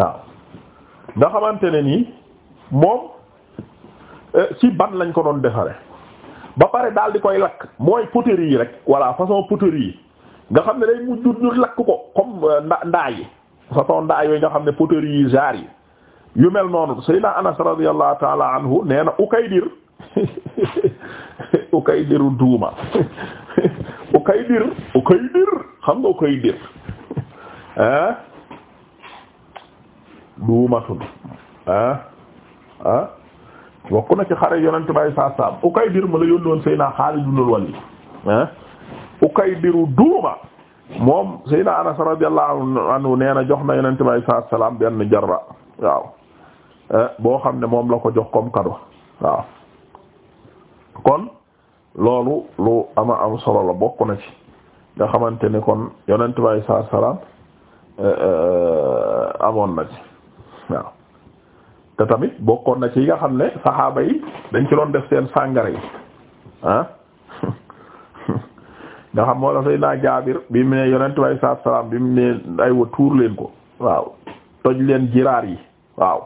waaw nga xamante ne nii moom euh, ci ban lañ ko doon defare ba pare daal di koy lakk mooy poterie yi rek voilà façon poterie yi nga xam ne day mujj ñu lakk ko comme euh, nda ndaa yi façon ndaa yooyu nga xam ne poterie yi jaar yi yu mel noonu Seydina Anas radiyallahu taala anhu nee na Ukaydir Ukaydiru duuma Ukaydir Ukaydir xam nga Ukaydir ah duumatun ah ah bokk na ci xare yonente bay saa saam Ukaydir ma la yónni woon Seydina Xaalid ibn Walid ah Ukaydiru duuma moom Seydina Anas radiyallahu anhu nee na jox na yonente bay saa salaam benn jarra waaw ah? boo xam ne moom la ko jox comme cadeau waaw kon loolu lu ama am solo la bokk na ci nga xamante ni kon yonente bay saa salaam eh, eh, amoon na ci waaw te tamit bokkoon na ci yi nga xam ne saxaaba yi dañ ci doon def seen sàngara yi ah nga xam moo la fay naa jaabir bi mu ne yonent way saa salaam bi mu ne ay wa tuur leen ko waaw toj leen jiraar yi waaw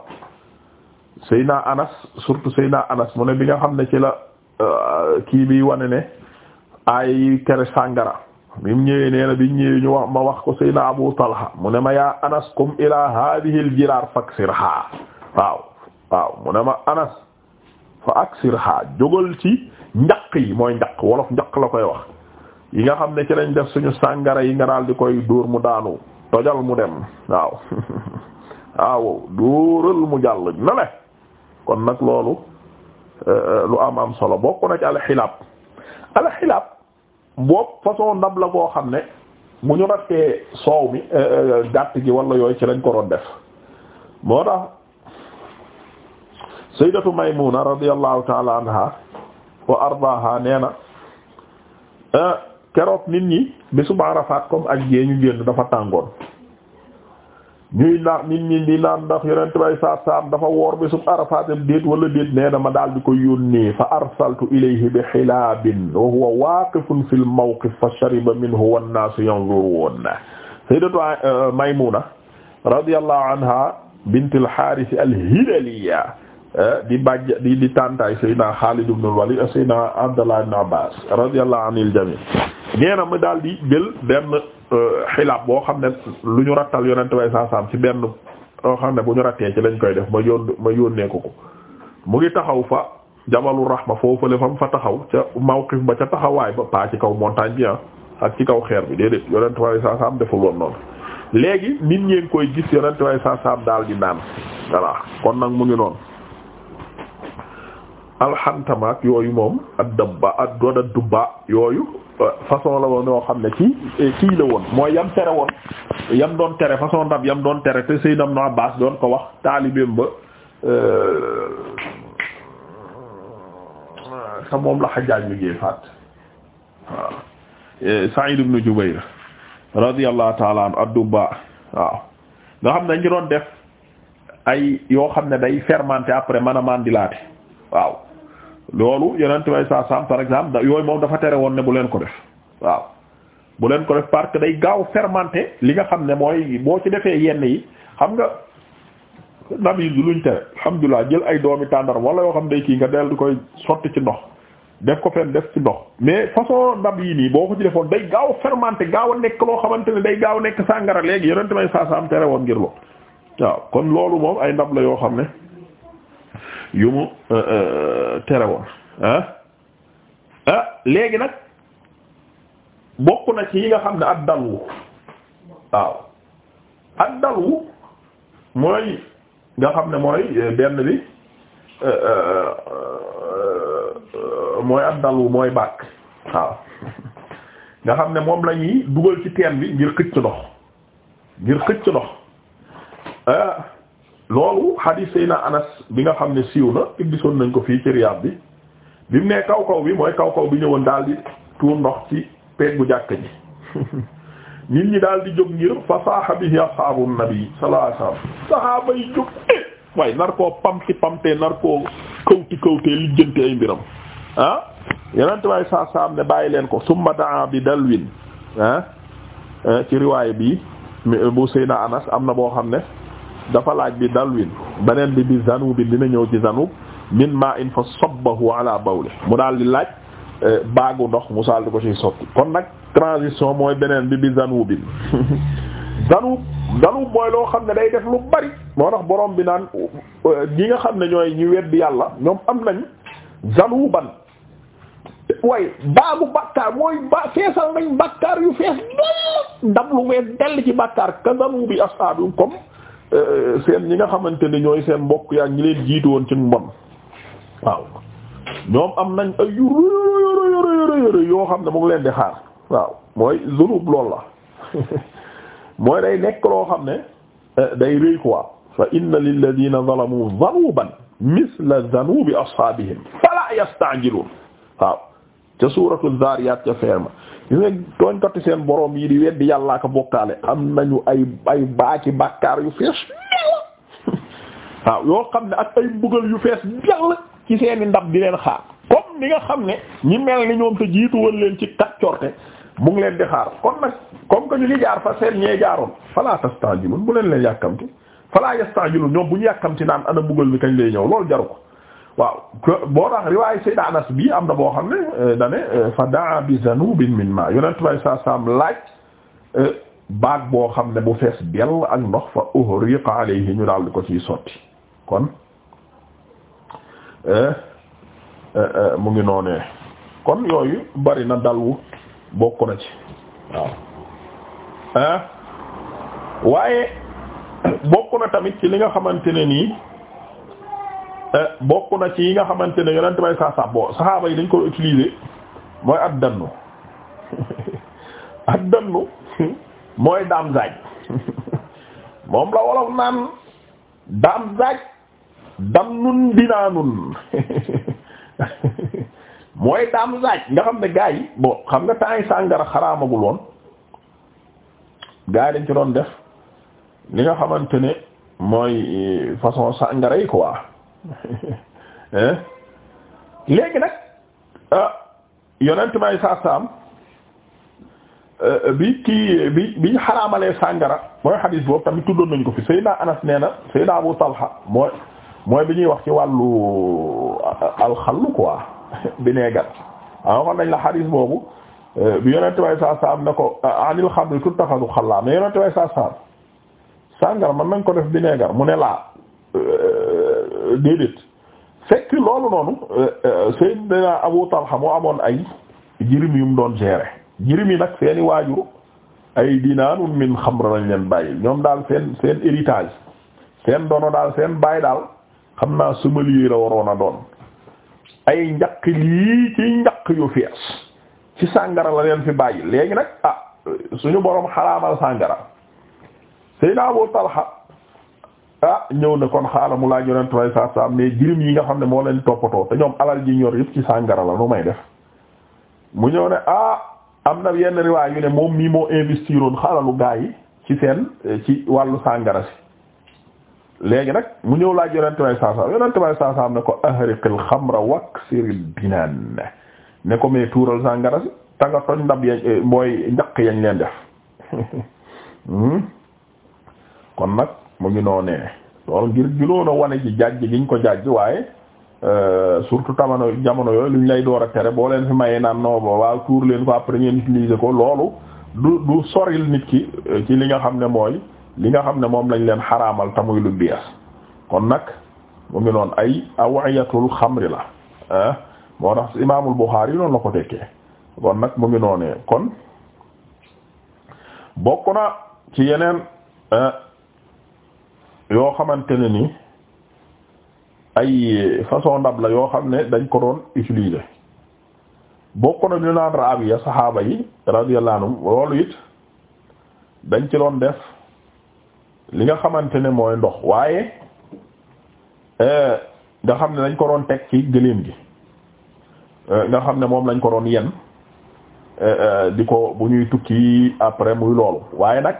Seyna Anas surtout naa Anas mu ne bi nga xam ne ci la euh, kii bi wane ne ay kere sàngara bi mu ñëwee nee na ñu wax ma wax ko Seydina Abu Talha mu ne ma yaa Anas kum ilaa haadihi al-jiraar faksirhaa waaw waaw mu ne ma Anas fa aksirhaa jógal ci njaq yi mooy njaq wolof njaq la koy wax yi nga xam ne ci lañ def suñu sàngara yi nga daal di koy duur mu daanu tojal mu dem waaw waaw dóoral mu jàll na kon nag loolu eh, eh, lu am am solo bokk na ci alxilaab alxilaab boobu façon ndab la boo xam ne bu ñu rattee soow mi euh, euh, gàtt gi wala yooyu ci lañ ko doon def moo tax sayyidatu maymuna radiyallahu taala anha wa ardaha nee na euh, keroog nit ñi bésu Arafat comme ak jee ñu génn dafa tàngoon ñuy la nit ñi di naan ndax yonent bay saa saam dafa woor bi sub arafaatam déet wala déet nee na ma daal di ko yónnee fa arsaltu ilayhi bi xilaabin wa huwa waaqifun fa shariba minhu wan naasu yanzuruun sayyidatu euh, Maymuna radiyallahu anha bint al-Haaris al-Hilaliya euh, di bàjj di di tàntaay sayyidina Xaalid ibn al-Waliid sayyidina Abdullah ibn Abbaas radiyallahu Euh, xilaab boo xam ne lu ñu rattal yonent way saasaam ci benn loo xam ne bu ñu rattee ci lañ koy def ma yóon ma yónnee ko ko mu ngi taxaw fa jabalu rahma foofu la mu fa taxaw ca mawqif ba ca taxawaay ba pas ci kaw montagne bi ah, ak ci kaw xeer bi déedéet yonent way saasaam deful woon noonu léegi nit ñeen koy gis yonent way saasaam daal di naan voilà kon nag mu ngi noonu alxantamaak yooyu moom ak dabba ad dubba yooyu façon la woon yoo xam ne ci eh, kii la woon mooy yam tere woon yam doon tere façon ndab yam doon tere te Seydina Ibn Abbas doon ko wax taalibeem ba sa euh, moom la Hajjaaj mu jee faat waaw eh, Sa'id ibn Jubayr radiyallahu ta'ala anhu adduba waaw xam ne dañu doon ay yoo xam ne day fermenté après man a mandilaate waaw loolu yenent way sa sam par exemple yooyu moom dafa tere woon ne bu leen ko def waaw bu leen ko def parce que day gaaw fermenté li nga xam ne mooy boo ci defee yenn yi xam nga yi du luñ tere alhamdulilah jël ay doomi tàndar wala yoo xam ne kii nga del di koy sotti ci ndox def ko fenn def ci ndox mais façon ndab yi nii boo ko ci defoon day gaaw fermenté gaaw a nekk loo xamante ne day gaaw nekk sàngara léegi yonente may saa am tere woon ngir lo waaw kon loolu moom ay ndab la yoo xam ne yu mu euh, euh, tere woon ah? ah léegi nag bokk na ci yi nga xam ne ak dalwu waaw ak dalwu mooy nga xam ne mooy euh, benn bi mooy ak dalwu mooy bàkk waaw nga xam ne moom lañuy ñuy dugal ci teen bi ngir xëcc ndox ngir xëcc ndox ah. loolu hadis sayna anas bi nga xam ne siiw na te nañ ko fii ci Riyad bi bi mu nee kaw kaw bi mooy kaw kaw bi ñëwoon daal di tuur ndox ci bu jàkk ji nit ñi daal di jóg ngir fa saaha bihi ashaabu nabi sallallahu alayhi wasallam sahaaba yi jóg eh, waaye nar koo pamti pamtee nar koo kawti li jënte ay mbiram ah yenente waay ne bàyyi leen ko summa daa bi dalwin ah eh, ci riwaay bi bu sayna anas am na boo xam ne dafa laaj bi dalwin beneen bi bi zanubin dina ñëw ci zanub min ma in fa sabbahu ala bawli mu daal di laaj eh, baagu ndox mu saal di ko ci sotti kon nag transition mooy beneen bi bi zanubin zanub zanub mooy loo xam ne day def lu bari moo tax borom bi naan eh, ñi nga xam ne ñooy ñu weddi yàlla ñoom am nañ zanuban way baagu bàkkaar mooy ba feesal nañ bàkkaar yu fees ndab lu wees dell ci bàkkaar ka zanubi ashaabum comme Euh, seen ñi nga xamante ni ñooy seen mbokk yaa ñi leen jiitu woon ci mbon waaw ñoom am nañ ay yoo xam ne mu ngi leen di xaar waaw mooy zunub lool la mooy day nekk loo xam ne euh, day rëy quoi fa inna lilladina zalamu zanuban misla zanubi ashaabihim fala yasta'jilun waaw ca suuratu zaariyaat ca ferma gis nga tooñkati seen borom yi di weddi yàlla ak bokkaale am nañu ay ay baaki bàkkaar yu fees waaw yoo xam ne ak ay mbugal yu fees jàll ci seeni ndab di leen xaar comme ni nga xam ne ñi mel ni ñoom te woon leen ci kat corte mu ngi leen di xaar kon nag comme que ñu ngi jaar fa seen ñee jaaroon fala tastajilun bu leen leen yàkkamti fala yastajilun ñoom bu ñu yàkkamti naan ana mbugal bi kañ lay ñëw loolu jaru ko waaw boo tax riwaayu Sayyid Anas bi am na boo xam ne euh, dane euh, fa daa bi zanubin min ma yonent bay saa saam laaj euh, baag boo xam ne bu fees dell ak ndox fa uhriqa alayhi ñu daal di ko ciy sotti kon mu ngi noonee kon yooyu bari na dalwu bokk na ci waaw waaye bokk na tamit ci li nga xamante ne nii Eh, bokk na ci yi nga xamante ne yonent bay saa saa boo saxaaba yi dañ ko utiliser mooy ad dannu ad dannu mooy daam zaaj moom la wolof naan daam zaaj dam nun dinaa nun mooy daam zaaj nga xam ne gaa yi bon xam nga temps sàngara xaraamagul woon gaa yi dañ ci doon def li nga xamante ne mooy eh, façon sàngara yi quoi léegi nag ah, yonent may saa saam bi kii bi bi xaraamalee sàngara mooy xadiis boobu tamit tuddoon nañ ko fi Seydina Anas nee na Seydina Abu Talha mooy mooy bi ñuy wax ci wàllu euh, alxallu quoi bineegar a ah, waxoon nañ la xadiis boobu euh, bi yonent may saa saam ne ko ah, anil xamri tuttaxadu xallaa mais yonent may saa sàngara man nañ ko def bineegar mu ne laa euh, déedéet fekk loolu noonu euh, euh, Seydina Abu Talha moo amoon ay jirim yu mu doon gérer jirim yi nag seeni waajur ay dinaanun min a lañ leen bàyyi ñoom daal seen seen héritage seen dono daal seen bàyyi daal xam naa sommelier la waroon a doon ay njaq lii ci njaq yu fees ci sàngara la leen fi bàyyi léegi nag ah suñu boroom xaraamal sàngara Seydina Abu Talha ah ñëw ne kon xaaral mu laaj yonent way saa saa mais jirim yi nga xam ne moo leen toppatoo te ñoom alal ji ñor yëpp ci sàngara la nu may def mu ñëw ne ah am na yenn riwaay yu ne moom mii moo investiroon xaalalu gaa yi ci seen ci wàllu sàngara si léegi nag mu ñëw laaj yonent way saa saa yonent way saa saa ne ko ahriqil xamra waksiril binaan ne ko mais tuural sàngara si ta nga toj ndab yañ eh, mooy njaq yañ leen def hmm? kon nag mu ngi noonee loolu ngir giloon a wane ci jàjj giñ ko jàjj waaye euh, surtout tamano jamono yooyu luñ lay door a tere boo leen fi mayee naan non bo waaw tuur leen ko après ngeen utiliser ko loolu du du soril nit ki euh, ci li nga xam ne mooy li nga xam ne moom lañ leen xaraamal te muy lu bees kon nag mu ngi noon ay awiyatul xamri la ah moo tax imaamul Buxaari yi noonu la ko tekkee kon nag mu ngi noonee kon bokk na ci yeneen yoo xamante ne ni ay façon ndab la yoo xam ne dañ ko doon utilise bokk na ñu naan Raabiya saxaaba yi radiyallahu anhum loolu it dañ ci doon def li nga xamante ne mooy ndox waaye eh, nga xam ne dañ ko doon teg ci gëléem gi eh, nga xam ne moom lañ ko doon yen eh, di ko bu ñuy tukki après muy loolu waaye nag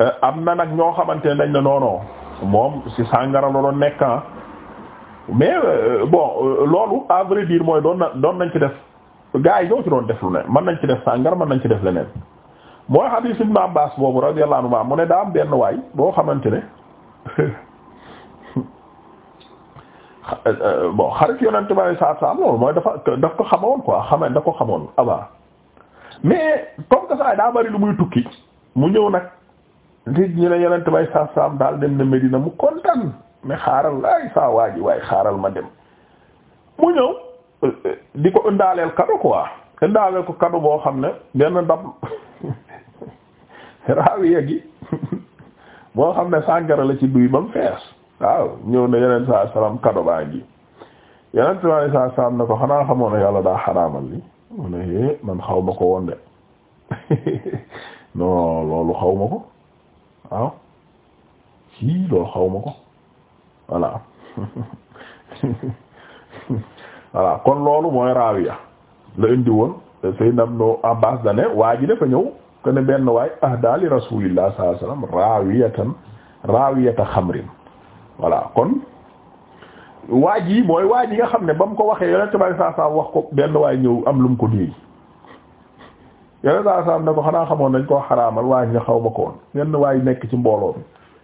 Euh, am na nag ñoo xamante ne dañ ne noonoo moom si sàngara la doon nekk ah. mais euh, boo euh, loolu à vrai mooy doon doon nañ ci def gaa yi ñoo ci doon def lu ne mën nañ ci def sàngara mën nañ ci def leneen mooy hadith Ibn Abbas boobu radiyallahu anhu mu ne daa am benn waay boo xamante ne bon xarit yonent ba saa saa loolu mooy dafa daf ko xamoon quoi xame ko xamoon avant mais comme que saa daa bari lu muy tukki mu ñëw nag. nit ñi ne yenent bay sa saam daal dem na Medina mu kontaan mais xaaral ay saa waa ji waaye xaaral ma dem mu ñëw di ko indaaleel kado quoi indaaleel ko kado boo xam ne benn ndab raawiya gi boo xam ne sàngara la ci duy ba mu fees waaw ñëw ne yeneen saa salaam kado baa ngi yeneen saa salaam ne ko xanaa xamoon ne yàlla daa xaraamal li mu eh, man xaw ma ko woon de non loolu xaw ma ko waaw ah. ci xaw ma ko voilà voilà kon loolu mooy raawiya la indi woon Seydina Ibnu Abbaas dane waa ji dafa ñëw te ne benn waay ahda li Rasuulillah sallallahu raawiyatan raawiyata xamrin voilà kon waa ji mooy waa yi nga xam ne ba mu ko waxee yonent bi sallallahu alayhi wasallam wax ko benn waay ñëw am lu mu ko déey yàlla daa saam ne ko xanaa xamoon nañ koo xaraamal waa ji xaw ma ko woon yenn waay nekk ci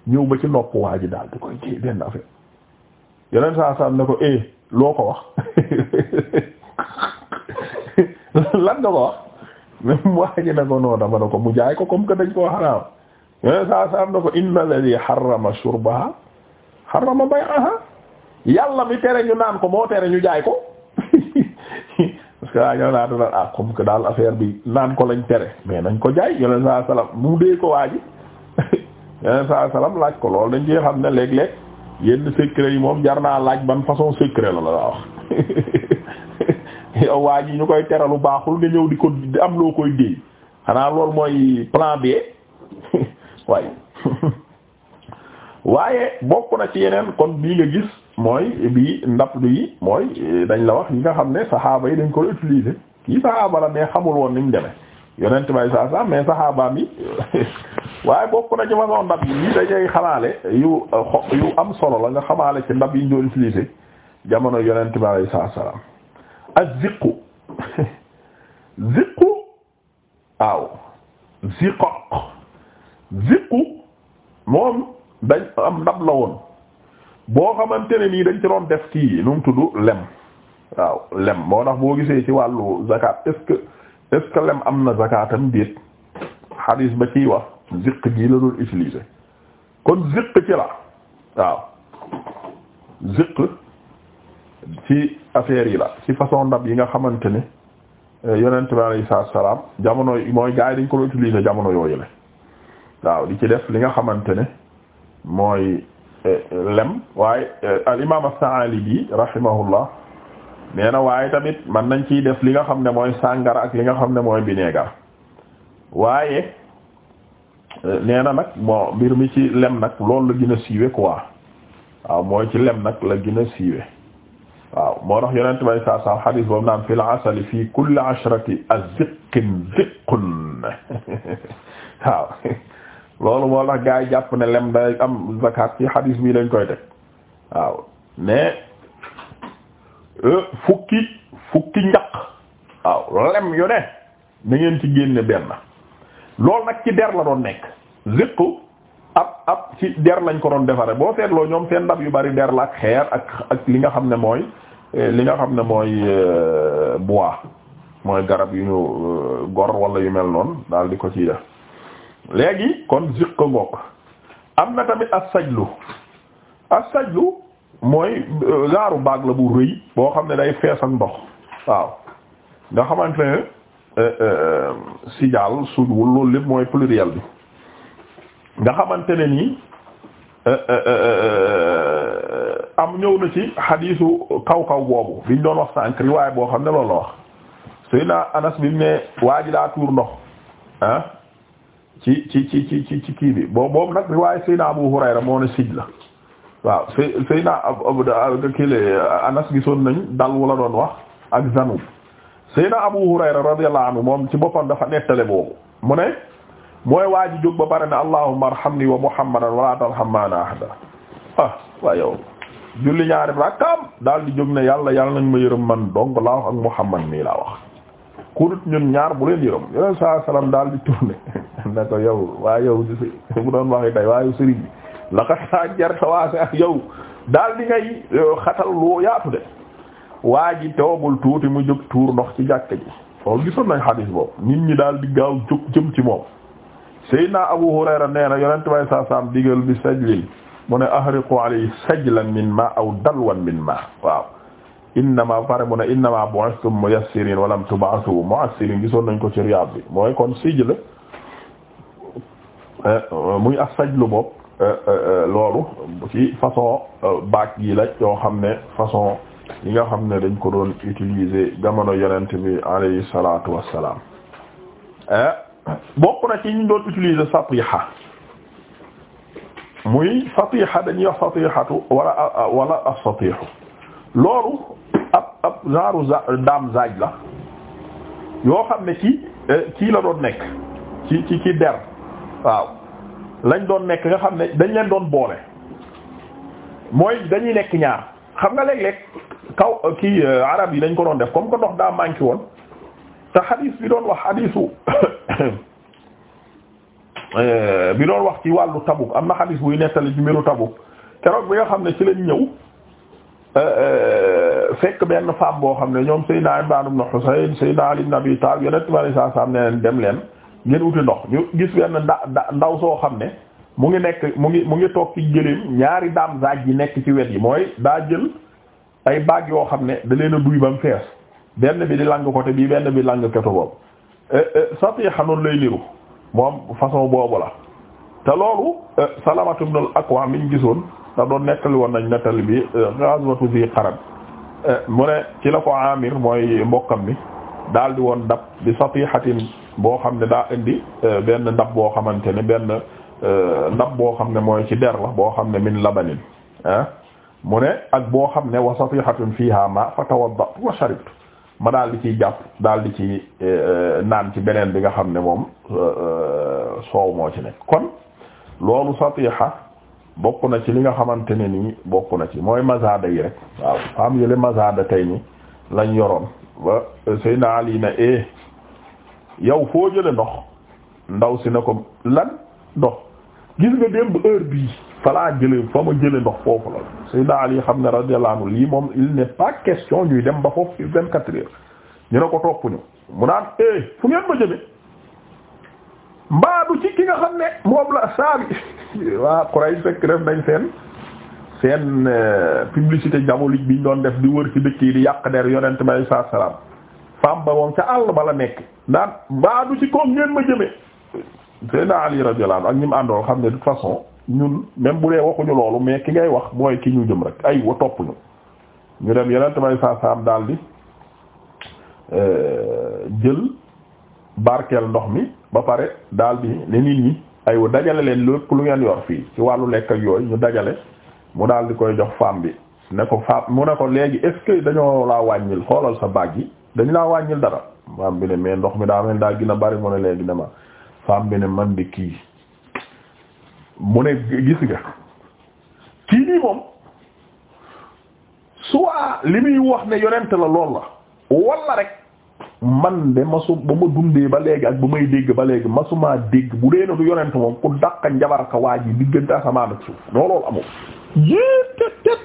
ñëw ba ci nopp waa ji daal di koy ci benn affaire yeneen saa saam ne ko eh loo ko wax lan nga ko wax même waa ji ne ko ne ko mu jaay ko comme que dañ koo xaraam yeneen saa saam na ko inna alladhi harrama shurbaha harrama bay'aha yàlla bi tere ñu naan ko moo tere ñu jaay ko. waaw naa naata la ah comme que daal affaire bi naan ko lañ tere mais nañ ko jaay yoneen saa salaam mu dee ko waa yoneen saa salaam laaj ko loolu dañ ci xam ne léeg-léeg yenn secret yi moom jar naa laaj ban façon secret la la wax yow waa ji ñu koy teralu baaxul nga ñëw di ko di am loo koy déey xanaa loolu mooy plan B waaye bokk na ci yeneen kon bii nga gis mooy bi ndap bi mooy eh, dañ la wax yi nga xam ne saxaaba yi dañ ko utiliser kii saxaaba la mais xamul woon ni mu demee yonent bay saa saa mais saxaabaam yi waaye bokk na ci façon ndab yi lii dañuy xamaale yu eh, yu am solo la nga xamaale ci ndab yi ñu doon utiliser jamono yonent bi alayhi salaam ak ziqu ziqu waaw ziqaq ziqu moom dañ am ndab la woon boo xamante ne nii dañ ci doon def kii nu mu tudd lem waaw lem moo tax boo gisee ci wàllu zakat est-ce que est-ce que lem am na zakatam déet xadiis ba ciy wax ziq gii la doon utiliser kon ziq ci la waaw ziq ci affaire yi la ci façon ndab yi nga xamante ne eh, yonent bi alayhi salaam jamono yi mooy gars yi dañ ko doon utiliser jamono yooyu la waaw di ci def li nga xamante ne mooy. lem waaye eh, al imaam as-Sa'alibi rahimahullah nee na waaye tamit mën nañ ci def li nga xam ne mooy sàngara ak li nga xam ne mooy bineegar waaye eh, nee na nag moo mbir mi ci lem nag loolu la gën a siiwe waaw mooy ci lem nag la gën a siiwe waaw moo tax yonent bay saa xadiis boobu naan fil asali fii kulli ashrati aziqin ziqun waaw loolu moo tax gaa yi jàpp ne lem day am zakat ci hadis bi lañ koy teg waaw mais e, fukki fukki njaq waaw lem yu ne na ngeen ci génne benn loolu nag ci der la doon nekk ziqu ab ab ci der lañ ko doon defaree boo seetloo ñoom seen ndab yu bari der la ak xeer ak ak li nga xam ne mooy e, li nga xam ne mooy e, bois mooy garab yu ñu gor wala yu mel noonu daal di ko ciy def léegi kon ziq ngoog am na tamit as-sajlu as-sajlu mooy euh, gaaru baag la bu rëy boo xam ne day fees ak ndox waaw nga xamante ne euh, euh, sijaal sudwul loolu lépp mooy pluriel bi nga xamante ne nii am ñëw na ci xadiisu kaw kaw boobu biñ doon wax sànq riwaay boo xam ne loolu wax suy naa anas bi mu ne waa ji daa tuur ndox ah. ci ci ci ci ci kii bi boobu boobu nag riwaaye Seydina Abu Hurayra moo ne sij la waaw Sey Seydina kile Anas gisoon nañ dal wala doon wax ak Zanub Seydina Abu Hurayra moom ci boppam dafa nettale boobu mu ne mooy waa ji jóg ba pare ne allahumma arhamni wa muhammadan wala tarham maana ahada ah waa yow julli ñaari daal di jóg ne yàlla yàlla nañ ma yërëm man dong laa wax ak muhammad mii laa wax ku dut ñun ñaar bu leen yërëm yoneen saa daal di tourné ne ko yow waa yow bu doon waxi tey waa yow sëriñ bi laqad hajjarta waasi'an yow daal di ngay xatal lu yaatu de waa ji tuuti mu jóg tuur ndox ci jàkk ji foo gisoon nañ xadiis boobu nit ñi daal di gaaw jóg jëm ci moom na Abu Hurayra nee na yonent bay saam digal bi sajlil mu ne ahriqu alayhi sajlan min ma aw dalwan min ma waaw innama pare mu ne innama bu'ithtum muyassirin wa lam tub'athu mu'assirin gisoon nañ ko ci Riyad bi mooy kon sijl eh, eh, muy as-sajlu bopp eh, loolu ci façon baak yi la yoo xam ne façon yi nga xam ne dañ ko doon utiliser jamono yonent bi alayhi salaatu wassalaam bokk na ci ñu doon utiliser satiha muy satiha dañuy wax satihatu wala wala loolu ab ab genre za ndaam zaaj la yoo xam ne ci kii eh, la doon nekk ci ci ci der waaw lañ doon nekk nga xam ne dañ leen doon boole mooy dañuy nekk ñaar xam nga léeg-léeg kaw kii eh, arab yi dañ ko doon def comme que ndox daa manqué woon te xadiis bi doon wax xadiisu eh, bi doon wax ci wàllu Tabuk am na xadiis buy nettali ci mbiru Tabuk keroog bi nga xam ne ci lañ ñëw Euh, euh, fekk benn femme boo xam ne ñoom Seydina Imran ibn Husayn Seydina Ali ibn Abi Talib yonent bi alayhi salaam ne leen dem leen ngeen wuti ndox ñu gis benn nda ndaw soo xam ne mu ngi nekk mu ngi mu ngi toog ci gëléem ñaari daam zaaj yi nekk ci wet yi mooy daa jël ay bag yoo xam ne da leen a duy ba mu fees benn bi di lang côté bii benn bi lang côté boobu euh, Satiha noonu lay niru moom façon boobu la te loolu Salamatu ibn al-Akwa mi gisoon. da doon nettali woon nañ nettali bi euh, ghazwatu fi qarad euh, mu ne ci la ko amir mooy mbokkam bi daal di woon dab bi satihatin boo xam ne daa indi euh, benn ndab boo xamante ne benn ndab boo xam ne mooy ci der la boo xam ne min labanin ah mu ne ak boo xam ne wa satihatun fiha ma fa tawaddatu wa sharibtu ma daal di ciy jàpp daal di ci naan ci beneen bi nga xam ne moom soow moo ci nekk kon loolu satiha bokk na ci li nga xamante ne nii bokk na ci mooy mazada yi rek waaw faam yële mazada tey ni lañ yoroon ba euh, Seydina Ali na e eh, yow foo jële ndox ndaw si na ko lan ndox gis nga démb heure bii falaa jële fa ma jële ndox foofu la Seydina Ali xam ne radiyallahu anhu lii moom il n'est pas question ñuy dem ba foofu vingt quatre heures ñu ne ko topp ñu mu naan e fu ngeen ma jëme mbaadu ci ki nga xam ne moom la saabi waa Quraysh fekk def nañ seen seen euh, publicité diabolique ñu doon def di wër ci dëkk yi di yàq der yonent bi alayhi salaatu salaam fam ba moom ca àll ba la nekk daan baa du ci koom ngeen ma jëme Seydina Ali radiyallahu ak ñi mu àndoon xam ne de toute façon ñun même bu dee waxuñu loolu mais ki ngay wax mooy ki ñu jëm rek ay wa topp ñu ñu dem yonent bi alayhi salaatu salaam daal di euh, jël barkeel ndox mi ba pare daal di ne nit ñi aywa dajale leen lépp lu ngeen yor fii ci wàllu lekk ak yooyu ñu dajale mu daal di koy jox femme bi ne ko femme mu ne ko léegi est dañoo laa wàññil xoolal sa baag yi dañu laa wàññil dara femme bi ne mais ndox mi daa mel daa gën a bari mu ne léegi dama femme man di kii mu ne gis nga kii nii moom soit li muy wax ne yonent la lool la walla rek. man de masu ba ma dundee ba léegi ak ba may dégg ba léegi masumaa dégg bu dee na du yonent moom ku dàq njabar ka waa ji diggante asamaan ak suuf looloolu amul yéen tet tet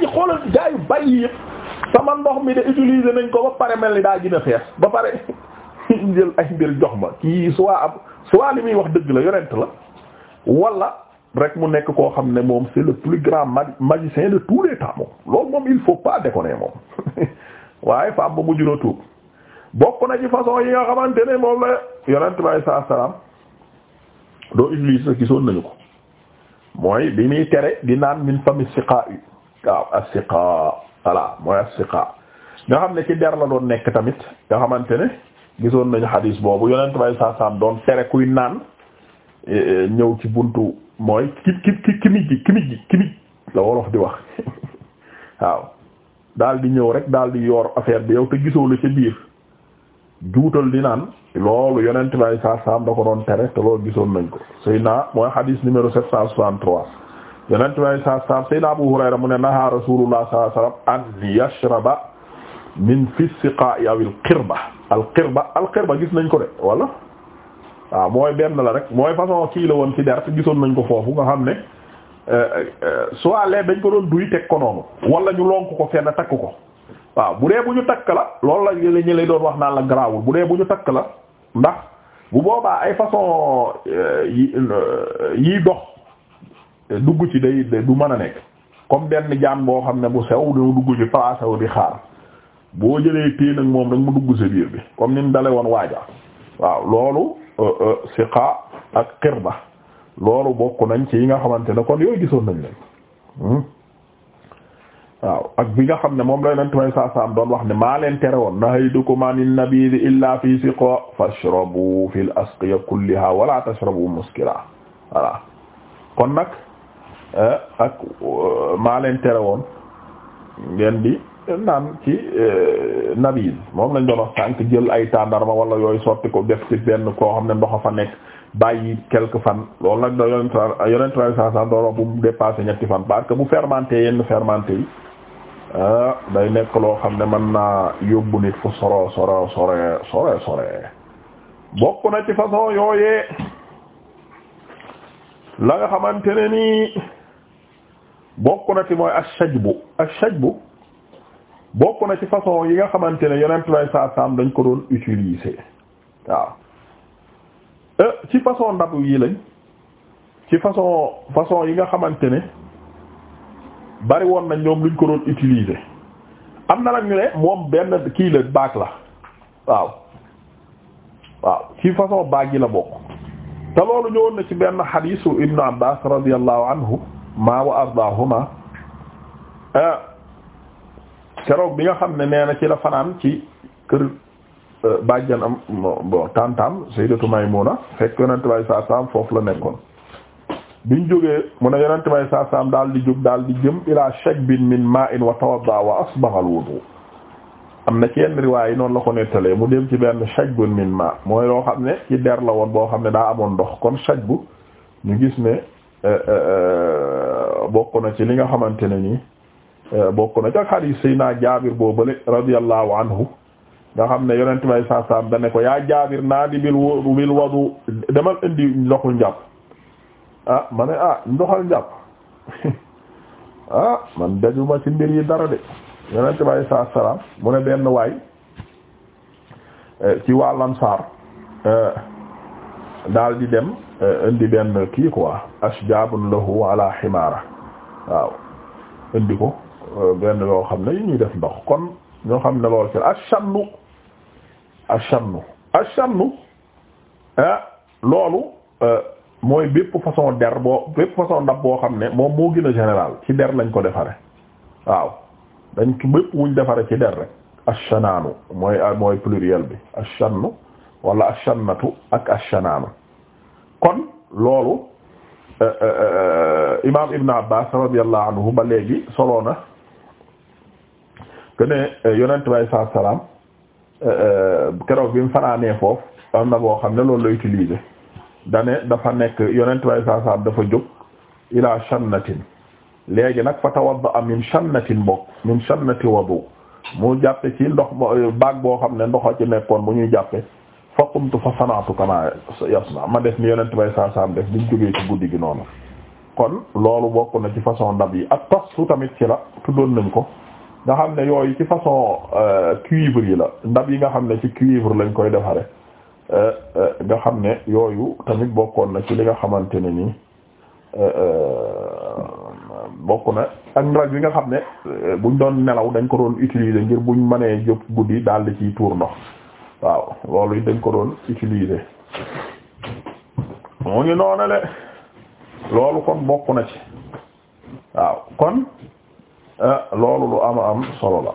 yu bàyyi yëpp sama ndox mi de utiliser nañ ko ba pare mel ni daal gina fees ba pare jël ay mbir jox ma kii soit ab soit li muy wax dëgg la yonent la wala rek mu nekk koo xam ne moom c'est le plus grand magicien de tous les temps moom loolu moom il faut pas déconner moom waaye fa am ba mujj na tuub bokk na ci façon yi nga xamante ne moom la yonent bi saa salaam doo utiliser gisoon nañu ko mooy bi muy tere di naan min fami siqaa yi waaw as-siqaa voilà mooy as-siqaa nga xam ne ci der la doon nekk tamit nga xamante ne gisoon nañu xadiis boobu yonent bi saa salaam doon tere kuy naan e, e, ñëw ci buntu mooy ki ki ki kimij gi kimij gi kimij la wolof di wax waaw daal di ñëw rek daal di yoor affaire bi yow te gisoo la ci biir. juutal di naan loolu yonent bay sa saam da ko doon tere te loolu gisoon nañ ko Seydina mooy hadith numéro sept cent soixante-trois yonent bay sa saam Seydina Abu Hurayra mu ne naha rasulullah sallallahu alayhi wasallam an yashraba min fi siqa'i aw al qirba al qirba al qirba gis nañ ko de wala waaw mooy benn la rek mooy façon kii la woon si der te gisoon nañ ko foofu nga xam ne euh, euh, soit lee dañ ko doon duy teg ko noonu wala ñu lonk ko fenn takk ko waaw bu dee bu ñu takk la loolu la ñu ñu lay doon wax naan la garaawul bu dee bu ñu takk la ndax bu boobaa ay façon euh, yi euh, yiy dox dugg ci day du mën a nekk comme benn jaan boo xam ne bu sew doo dugg ci place di xaar boo jëlee téye nag moom rek mu dugg sa biir bi comme ni mu dale woon waaja waaw loolu euh, siqa ak xirba loolu bokk nañ ci yi nga xamante ne kon yooyu gisoon nañ leen hmm? waaw ak bi nga xam ne moom la yonent may saa saam doon wax ne maa leen tere woon nahaytukum anin nabiizi illaa fi siqa fashrabu fil asqiya kulliha wala tashrabu muskira voilà kon nag eh, ak eh, maa leen tere woon ngeen di naan ci eh, nabiiz moom lañ doon wax sànq jël ay tàndarma wala yooyu sotti ko def ci benn koo xam ne ndox a fa nekk bàyyi quelque fan loolu nag da yonent yonent may saa mu dépassé fan parce bu fermenté yenn fermenté yi. Ah, day nekk loo xam ne man naa yóbbu nit fu soro soro sore sore sore bokk na ci façon yooyee la nga xamante ne nii bokk na ci mooy ashajbu bu bokk na ci façon yi nga xamante ne yeneen lay saa saam dañ ko doon utiliser waaw eh, ci façon ndab yi lañ ci façon façon yi nga xamante ne bari woon nañ ñoom luñ ko doon utiliser am na nag ne moom benn kii la baag la waaw waaw ci baag yi la bokk te loolu ñëwoon na ci benn xadiisu ibnu abbas radiallahu anhu ma wa ardaahuma eh, keroog bi nga xam ne nee na ci la fanaan ci kër eh, bàjjan am bon tantam sayyidatu maymuna fekk yonent bay saa saam foofu la nekkoon biñ jógee mu ne yonente may saam daal di jóg daal di jëm ila shakbin min ma'in wa tawadda wa asbagha al am na ci yenn riwaay yi noonu la ko nettalee mu dem ci benn shakbun min ma mooy loo xam ne ci der la woon boo xam ne daa amoon ndox kon shakbu ñu gis ne euh, euh, euh, bokk na ci li nga xamante ne nii bokk na ci ak hadith naa Jaabir boobale radiyallahu anhu nga xam ne yonente may saa ko yaa Jaabir naa di bil bil wadu demal indi loxu njàpp ah ma ah ndoxal njàpp ah man dajuma ci mbir yi dara de yonente bi alei salaatu salaam mu ne benn waay eh, ci waa Ansaar eh, daal di dem eh, indi benn kii quoi ashjabun lahu ala ximaara waaw indi ko benn loo xam ne yu ñuy def ndox kon ñoo xam ne loolu ci ashamnu ashamnu ah loolu mooy bépp façon der boo bépp façon ndab boo xam ne moom moo gën a général ci der lañ ko defare waaw dañ ko bépp wuñ defare ci der rek ashanaanu mooy ah, mooy pluriel bi ashannu wala ashannatu ak ashanaanu kon loolu eh, eh, eh, imam ibn abbas radiyallahu anhu ba léegi soloo na kene yonent bay saa salaam keroog bi mu fanaanee foofu am na boo xam ne loolu la utiliser dane dafa nekk yonent bay saasaam dafa jóg ila shannatin léegi nag fa tawadda min shannatin bokk min shannati wadu mu jàppe ci ndox baag boo xam ne ndoxa ci nekkoon bu ñuy jàppe fa qumtu fa sana'tu kama yasna ma def ni yonent bay saasaam def diñ jógee ci guddi gi noonu kon loolu bokk na ci façon ndab yi ak tassu tamit ci la tuddoon nañ ko nga xam ne yooyu ci façon euh, cuivre yi la ndab yi nga xam ne ci cuivre lañ koy defare nga xam ne yooyu tamit bokkoon na ci li nga xamante ne nii euh, euh, bokk na ak ndrag bi nga xam ne euh, buñ doon nelaw dañ ko doon utiliser ngir buñ mënee jóg guddi daal di ciy tuur ndox waaw loolu dañ ko doon utiliser mu ngi noonale loolu kon bokk na ci waaw kon loolu lu ama am solo la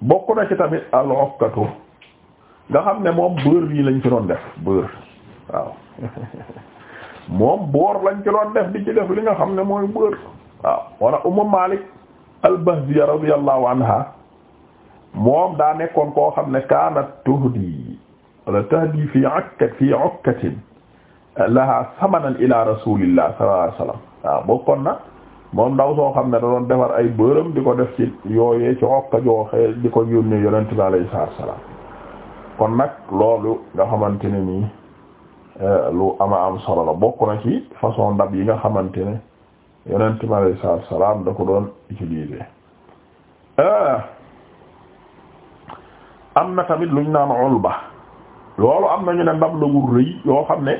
bokk na ci tamit al okkatu nga xam ne moom beurre yi lañ ci doon def beurre waaw moom boor lañ ci doon def di ci def li nga xam ne mooy beurre waaw wala Ummu Malik al-Bahziya anha moom daa nekkoon koo xam ne kaanat tuhdi wala tahdi fii okkat fii okkatin laha samanan ila rasulillah sallallahu waaw bokkoon na moom ndaw soo xam ne da doon defar ay bërëm di ko def ci yooyee ci okka jooxee di ko yónnee yonente bi alayhi salaam kon nag loolu nga xamante ne nii eh, lu ama am solo la bokk na ci façon ndab yi nga xamante ne yonent mi alayhi salaatu salaam da ko doon utiliser eh, am na tamit luñ naan ulba loolu am nañu ne ndab la wur rëy yoo xam ne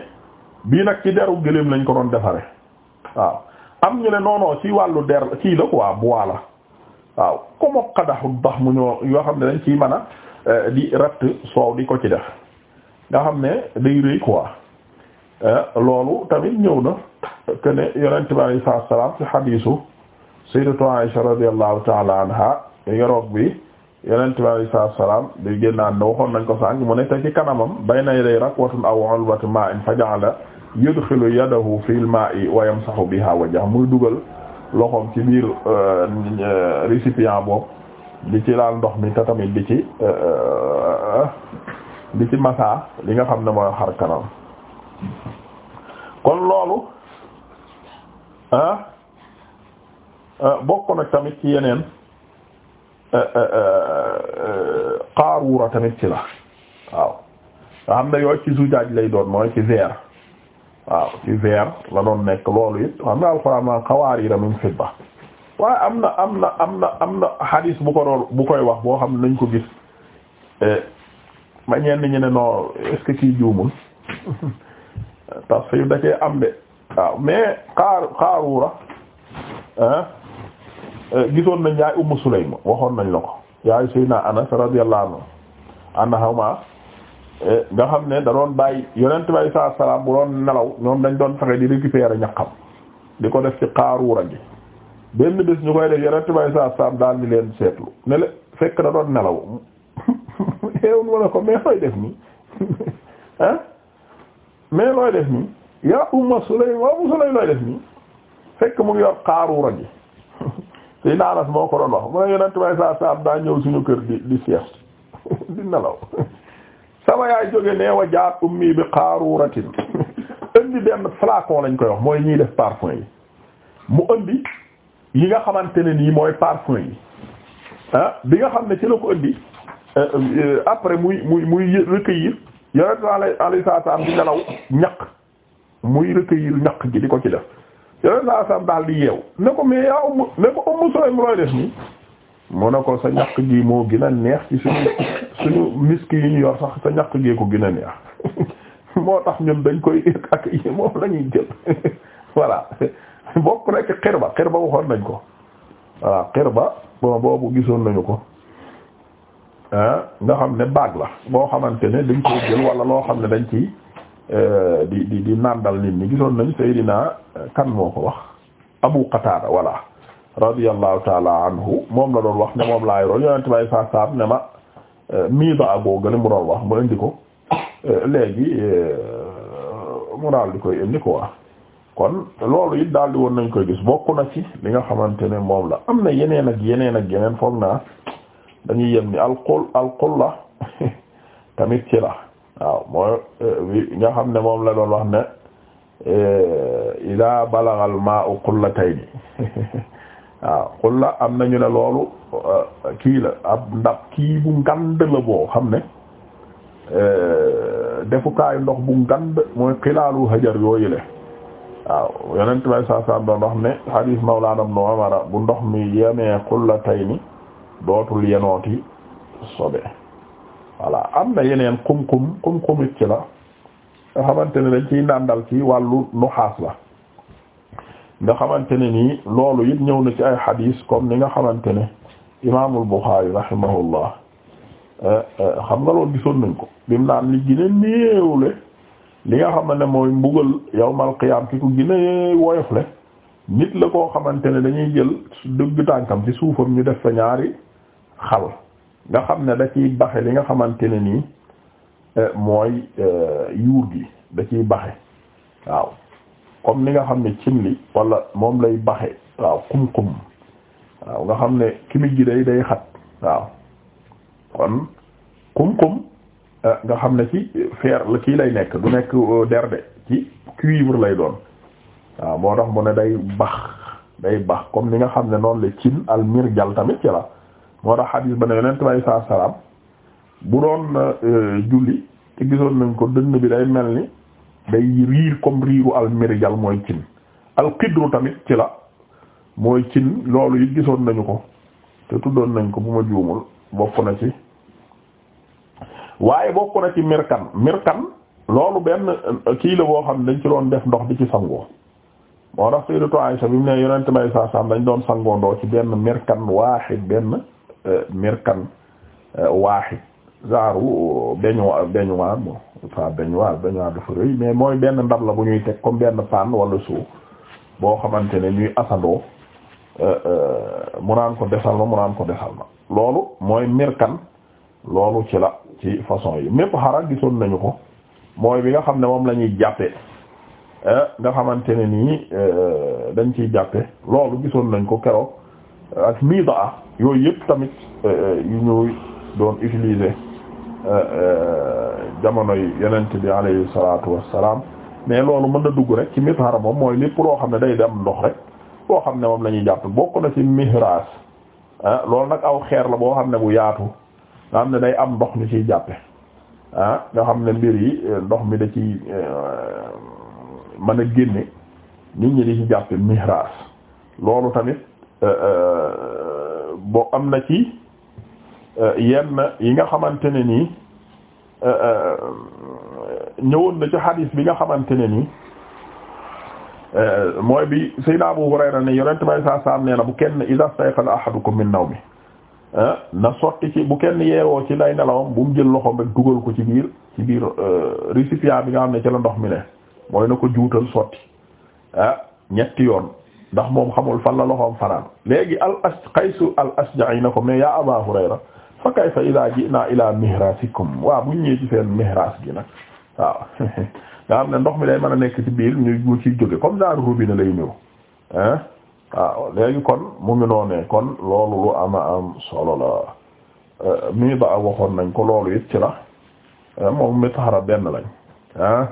bii nag ci deru gëléem lañ ko doon defare waaw am ñu ne noonoo ci wàllu der kii la quoi bois la waaw comme qadahu dax mu ñoo yoo xam ne dañ ciy mën Euh, di ratt soow di ko ci def nga xam ne day rëy quoi euh, loolu tamit ñëw na que ne yonent bi alayhi salaatu salaam ci xadiisu sayyidatu Aisha radiyallahu ta'ala anha yoroog bi yonent bi alayhi salaatu salaam di génnaan ne waxoon nañ ko sànq mu ne te ci kanamam bayna yaday rakwatun aw ulbatun ma'in faja'ala yudxilu yadahu fil ma'i wa yamsahu biha wajhahu muy dugal loxoom ci biir euh, récipient boobu di ci laal ndox mi te tamit di ci euh, euh, di ci massa li nga xam ne mooy xar kanam kon loolu ah, euh, bokk nag tamit ci yeneen xaaruura tamit ci la waaw nga xam ne yooyu ci zujaaj lay doon mooy ci verre waaw ci verre la doon nekk loolu it xam nga alxuraan xawaariira min fidda waaye am na am na am na am na hadis bu ko doon bu koy wax boo xam ne nañ ko gis eh, ma ñenn ñu ne non est-ce que juumul parce yu da am de waaw mais xaar xaaruura ah eh, gisoon nañ yaay Ummu Sulaym waxoon nañ la ko yaay Seydina Anas radiyallahu anhu annahuma eh, nga xam ne da doon bàyyi yonent bi sallallahu alayhi wasallam bu doon nelaw ñoom dañ doon fexe di récupérer ñaqam di ko def ci xaaruura ji benn bés ñu koy def yonent bay saa saam daal di leen seetlu ne la fekk da doon nelaw xéewul wala ko mais looy def nii ah mais looy def nii yaa umma Sulaym wa umma Sulaym looy def nii fekk mu ngi yor xaaruura gi si naanas moo ko doon wax mu ne yonent bay saa saam daa ñëw suñu kër di di sieste di nelaw sama yaay jóge nee wa ummi bi xaaruuratin indi benn flacon lañ koy wax mooy ñuy def parfum yi mu indi yi nga xamante ne nii mooy parfum yi ah bi nga xam ne ci la ko indi euh, après muy muy muy recueillir yore sallallahu alayhi wa sallam di nelaw ñaq muy recueillir ñaq gi di ko ci def yore sallallahu alayhi daal di yeew ne ko mais yaa umm ne ko umm Sulaym looy def nii mu ne ko sa ñaq gi moo gën a neex ci suñu suñu misk yi ñu yor sax sa ñaq gee ko gën a neex moo tax ñun dañ koy ak moom la jël voilà bokk na ci xirba xirba waxoon nañ ko voilà xirba bon boobu gisoon nañu ko ah, nga xam ne baag la boo xamante ne dañ koy jël wala loo xam ne dañ ci euh, di di di nàndal nit ñi gisoon nañ Seydina euh, kan moo ko wax Abu Qatada voilà radiyallahu taala anhu moom la doon wax ne moom laa yoroon yonent bay saa saam ne ma euh, miida agoo gën mu doon wax mu indi ko léegi mu daal di koy indi ko waa kon loolu it daal woon nañ koy gis bokk na ci li nga xamante ne moom la am na yeneen ak yeneen ak yeneen foog naa dañuy yem ni alxol alxol la tamit ci la waaw mooy euh, nga xam ne moom la doon wax ne euh, ida balagal ma'u qullatayn waaw xulla am nañu ne loolu euh, kii la ab ndab kii bu ngand la boo xam ne defukaayu ndox bu ngand mooy xilaalu hajar yooyu le waaw yonent bay saa saam doon wax ne hadis mawlana ibn Umar bu ndox mi yemee qullatayni dootul yenooti sobe voilà am na yeneen kum-kum kum-kum ci la nga xamante ne dañ ci ndàndal ci wàllu nuxaas la nga xamante ne nii loolu it ñëw na ci ay hadis comme ni nga xamante ne imaamul Buxaari rahimahullah eh, eh, xam nga loolu gisoon nañ ko bim naan li gën a néewle li nga xam ne mooy mbugal yawmal qiyaam ki ko gina woyof le nit la koo xamante ne dañuy jël dëgg tànkam ci suufam ñu def fa ñaari xal nga xam ne da ciy baxe li nga xamante ne nii eh, mooy eh, yuur gi da ciy baxe waaw comme nga xam ne cin li wala moom lay baxe waaw kum nga xam ne kimit gi day day xat waaw kon kum-kum Euh, nga xam ne ci fer la kii lay nekk du nekk euh, derde ci cuivre lay doon waaw moo tax mu ne day bax day bax comme ni nga xam ne noonu la cin al mirjal tamit ci la moo tax xadiis ba ne yonent bi alayhi salaatu salaam bu doon euh, julli te gisoon nañ ko dënn bi day mel ni day riir comme riiru al mirjal mooy cin al qidru tamit ci la mooy cin loolu it gisoon nañu ko te tuddoon nañ ko bu ma juumul bokk na ci waaye bokk na ci mirkan mirkan loolu benn euh, kii la boo xam ne dañ ci doon def ndox di ci sangoo moo tax Sayyidatu Aisha bi mu ne yonent may saa dañ doon sangoo ndox ci benn mirkan waaxid benn euh, mirkan euh, waaxid genre baignoire baignoire bon pas baignoire baignoire dafa rëy mais mooy benn ndab la bu ñuy teg comme benn paan wala suuf boo xamante ne ñuy asandoo mu naan ko desal ma mu ko desal ma loolu mooy mirkan loolu ci la ci façon yi mépp xara gisoon nañu ko mooy bi nga xam ne moom lañuy ñuy jàppe eh, nga xamante ne nii eh, dañ ci jàppe loolu gisoon nañ ko keroog ak ah yooyu yëpp tamit eh, yu ñuy doon utiliser jamonoy yonent bi alayhi salaatu wassalaam mais loolu mën na dugg rek ci mithara moom mooy lépp loo xam ne day dem ndox rek boo xam ne moom lañuy jàpp bokk na ci mihras ah loolu nag aw xeer la boo xam ne bu yaatu nga xam ne day am ndox mi ci jàppe ah nga xam ne mbir yi eh, ndox mi da ci eh, man a génne nit ñi di ci jàppe mihras loolu tamit eh, boo am na ci yenn yi nga xamante ne nii ñëwoon na ci xadiis bi nga xamante ne nii mooy bi Seydina Abu Hurayra ne yonent bay saa saam nee na bu kenn iza stayqana ahadukum min nawmi Ah, na sotti ci bu kenn yeewoo ci lay nelawam bu mu jël loxoom rek dugal ko ci biir ci biir euh, récipient bi nga xam ne ci la ndox mi ne mooy na ko juutal sotti ah ñetti yoon ndax moom xamul fan la loxoom fanaan léegi al as qaysu al asja'i na ko mais yaa Abaa Hurayra fa kayfa idaa ji'naa ilaa mihrasikum waaw bu ñu ñëwee ci seen mihras gi nag waaw nga xam ne ndox mi day mën a nekk ci biir ñu ci jóge comme genre robinet lay ñëw ah. waaw léegi kon mu ngi noonee kon loolu lu ama am solo la euh, mii ba waxoon nañ ko loolu it ci la euh, moom mi taxara benn lañ ah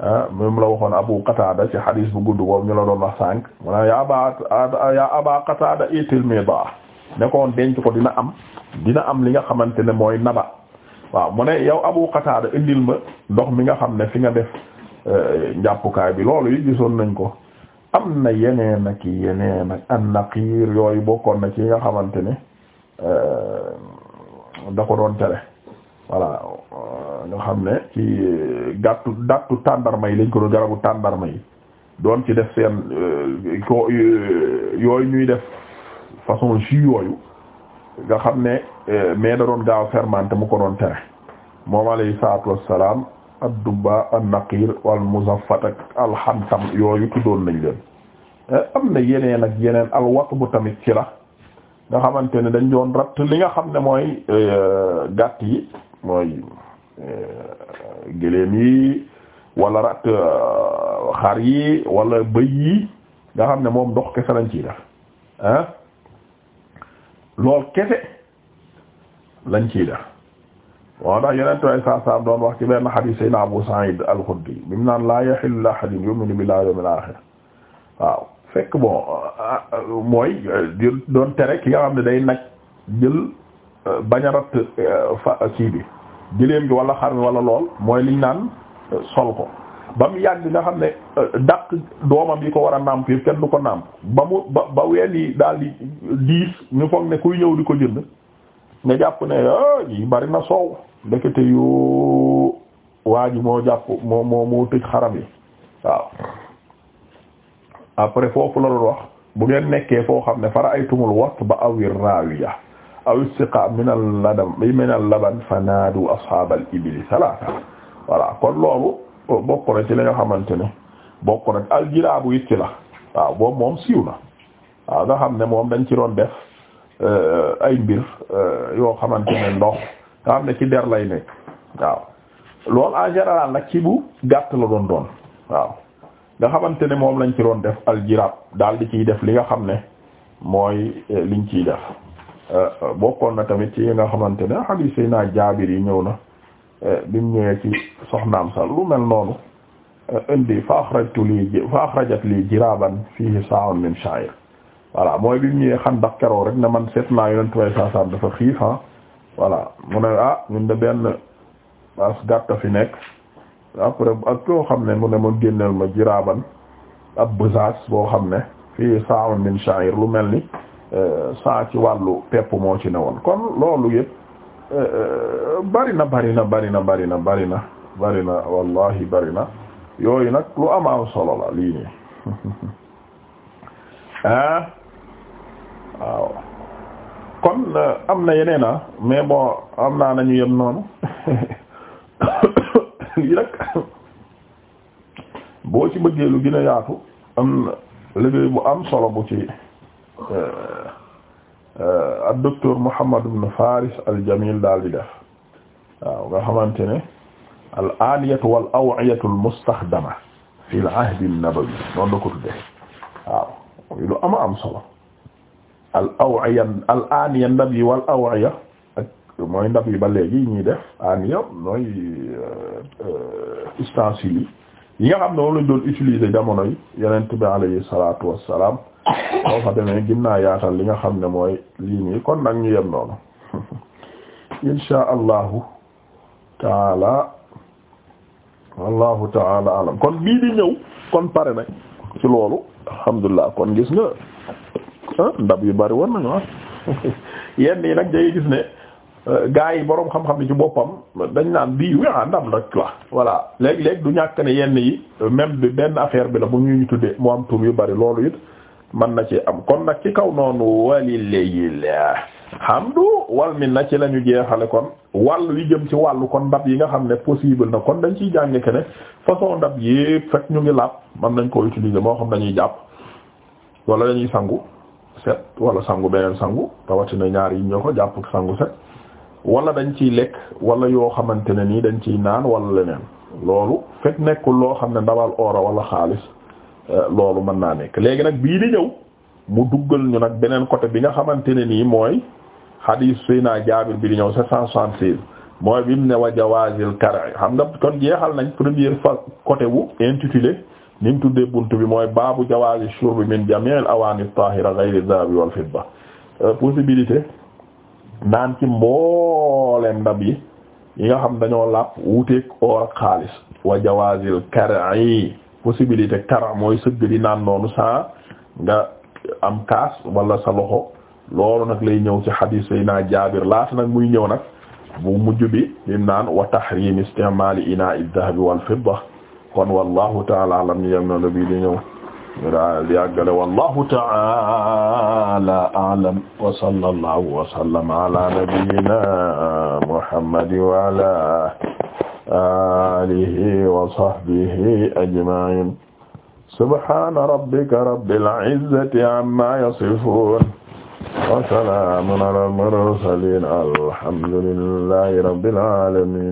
ah moom la waxoon Abu Qatada ci xadiis bu gudd boobu ñu la doon wax sànq mu ne yaa aba yaa itil mii ba ne ko denc ko dina am dina am li nga xamante ne mooy naba waaw mu ne yow Abu Qatada indil ma ndox mi nga xam ne fi nga def euh, njàppukaay bi loolu yi gisoon nañ ko. am na yeneen ak yeneen ak an-naqiir yooyu bokkoon na ci nga xamante ne euh, da ko doon tere voilà nga xam ne ci gàttu dattu tàndarma yi lañ ko doon garabu tàndarma yi doon ci def seen euh, euh, yooyu ñuy def façon jus yooyu nga xam ne mais da doon gaaw fermenté mu ko doon tere moom alayhi salaatu wassalaam ad-dubba an-naqir wal muzaffat ak al-hantam yooyu tuddoon nañ leen eh, am na yeneen ak yeneen al-watb bu tamit ci la nga xamante ne dañ doon rat li nga xam ne mooy eh, gàtt yi mooy eh, gëléem yi wala ratt xar yi wala bëy yi nga xam ne moom ndox kese lañ ciy def ah lool kese lañ ciy def waaw ndax yeneen tuwaay saa saa doon wax ci benn xadiis Seydina Abu Saïd al-Khudri bi mu naan laa yahillu li ahadin yu'minu billahi wal yawmil aaxir waaw fekk bon mooy doon tere ki nga xam ne day nag jël bañ a fa kii bi jëleem gi wala xar mi wala lool mooy liñ naan sol ko ba mu yàgg nga xam ne dàq doomam yi ko war a nàmp yëpp kenn du ko nàmp ba mu ba ba ween yi daal di diis ñu foog ne kuy ñëw di ko jënd. nga jàpp ne yi ah, bari na soow ndekete yoo waa ji moo jàpp moo moo moo tëj xaram yi waaw après foofu la wax bu ngeen nekkee foo xam ne fara ay tumul wat ba awir rawiya aw istiqa min al ladam min al laban fanaadu ashaab al ibli salaata voilà kon loolu bokk na ci la nga xamante ne bokk na al jilaabu ci la waaw boobu moom siiw na waaw nga xam ne moom dañ ci doon def Euh, ay mbir euh, yoo xamante ne ndox nga xam ne ci der lay nekk waaw loolu en nag ci bu gàtt la doon doon waaw nga xamante ne moom lañ ci doon def al aljiraab daal di ciy def li nga xam ne mooy euh, liñ ciy def bokkoon na tamit ci yi nga xamante ne hadith yi naa jaabir yi ñëw na bi mu ñëwee ci soxnaam sa lu mel noonu indi fa axrajtu lii fa axrajat lii jiraaban fiihi saa'un min sha'ir voilà mooy bi ñuy xam ndax keroog rek na man seet naa yonent way saasaam dafa xiif ah voilà mu ne ah ñun de benn as gàtt fi nekk après ak koo xam ne mu ne ma génneel ma jiraaban ab besace boo xam ne fii sa'un min sha'ir lu mel ni euh, saa ci wàllu pepp moo ci ne woon kon loolu yëpp euh, euh, bari na bari na bari na bari na bari na bari na wallahi bari na yooyu nag lu am am solo la lii nii ah. waaw kon euh, am na yeneen a ah, mais bon am naa nañu yem noonu boo ci bëggee lu gën a yaatu bu am solo bu ci euh, euh, ak docteur Muhammad ibn Faris al-Jamil daal di def waaw nga xamante ne al aliyatu wal awiyatu al mustaxdama fi al ahd an-nabawi noonu la ko tuddee waaw lu ama am solo al awiya al aniya ndab yi wal awiya ak mooy ndab yi ba léegi ñuy def aniya mooy euh, euh, ustensiles yi yi nga xam ne moom lañ doon utiliser jamono yi yonent bi alayhi wassalaam boo fa demee ginnaa yaatal li nga xam ne mooy lii nii kon nag ñu yem noonu insha allahu taala wallahu taala alam kon bii di ñëw kon pare na ci loolu alhamdulillah kon gis nga Ah, ndab yu bari woon nañu ah yenn yi nag day gis ne euh, gaa yi boroom xam-xam ni ci boppam dañ naan bii waa ah, ndab rek la voilà léeg-léeg du ñàkk ne yenn yi même bi benn affaire bi la bu ñu tuddee moo am tur yu bari loolu it mën na ci am kon nag ci kaw noonu walillahil hamdu wal na ci lañu ñu jeexale kon wàll yi jëm ci wàllu kon ndab yi nga xam ne possible na kon dañ ciy jànge ke façon ndab yépp fekk ñu ngi laab mën nañ ko utiliser moo xam dañuy jàpp wala sangu set wala sangu beneen sangu rawatina ñaar yi ñoo ko jàpp sangu set wala dañ ciy lekk wala yoo xamante ne nii dañ ci naan wala leneen loolu fekk nekkul loo xam ne ndawal ora wala xaalis euh, loolu mën naa nekk léegi nag bii di ñëw mu duggal ñu nag beneen côté bi nga xamante ne nii mooy hadis naa Jaabir bi di ñëw sept cent soixante-seize mooy bi mu ne wa jawaazil kar xam nga kon jeexal nañ première fois côté wu intitulé lim tuddee buntu bi mooy baabu jawaazi shurbi min jami'il awaani tahira ghayri dhahabi wal fidda euh, possibilité naan ci mbooleem ndab yi yi nga xam dañoo làpp wuuteeg or xaalis wa jawaazil kar'i possibilité kar mooy sëgg di naan noonu saa nga am kaas wala sa loolu nag lay ñëw ci xadiis yi naa jaabir laata nag muy ñëw nag bu mujj bi lim naan wa tahrim istimaali inaa'i dhahabi wal fidda kon wallahu taala alam ñu yem noonu bii di ñëw ñu daal di àggale wallahu taala alam wa sallallahu wa sallama ala nabiyyina muhammad wa ala alihi wa sahbihi ajma'in subhana rabbika rabbil izzati amma yasifun wa salamun ala al mursalin alhamdulillahi rabbil alamin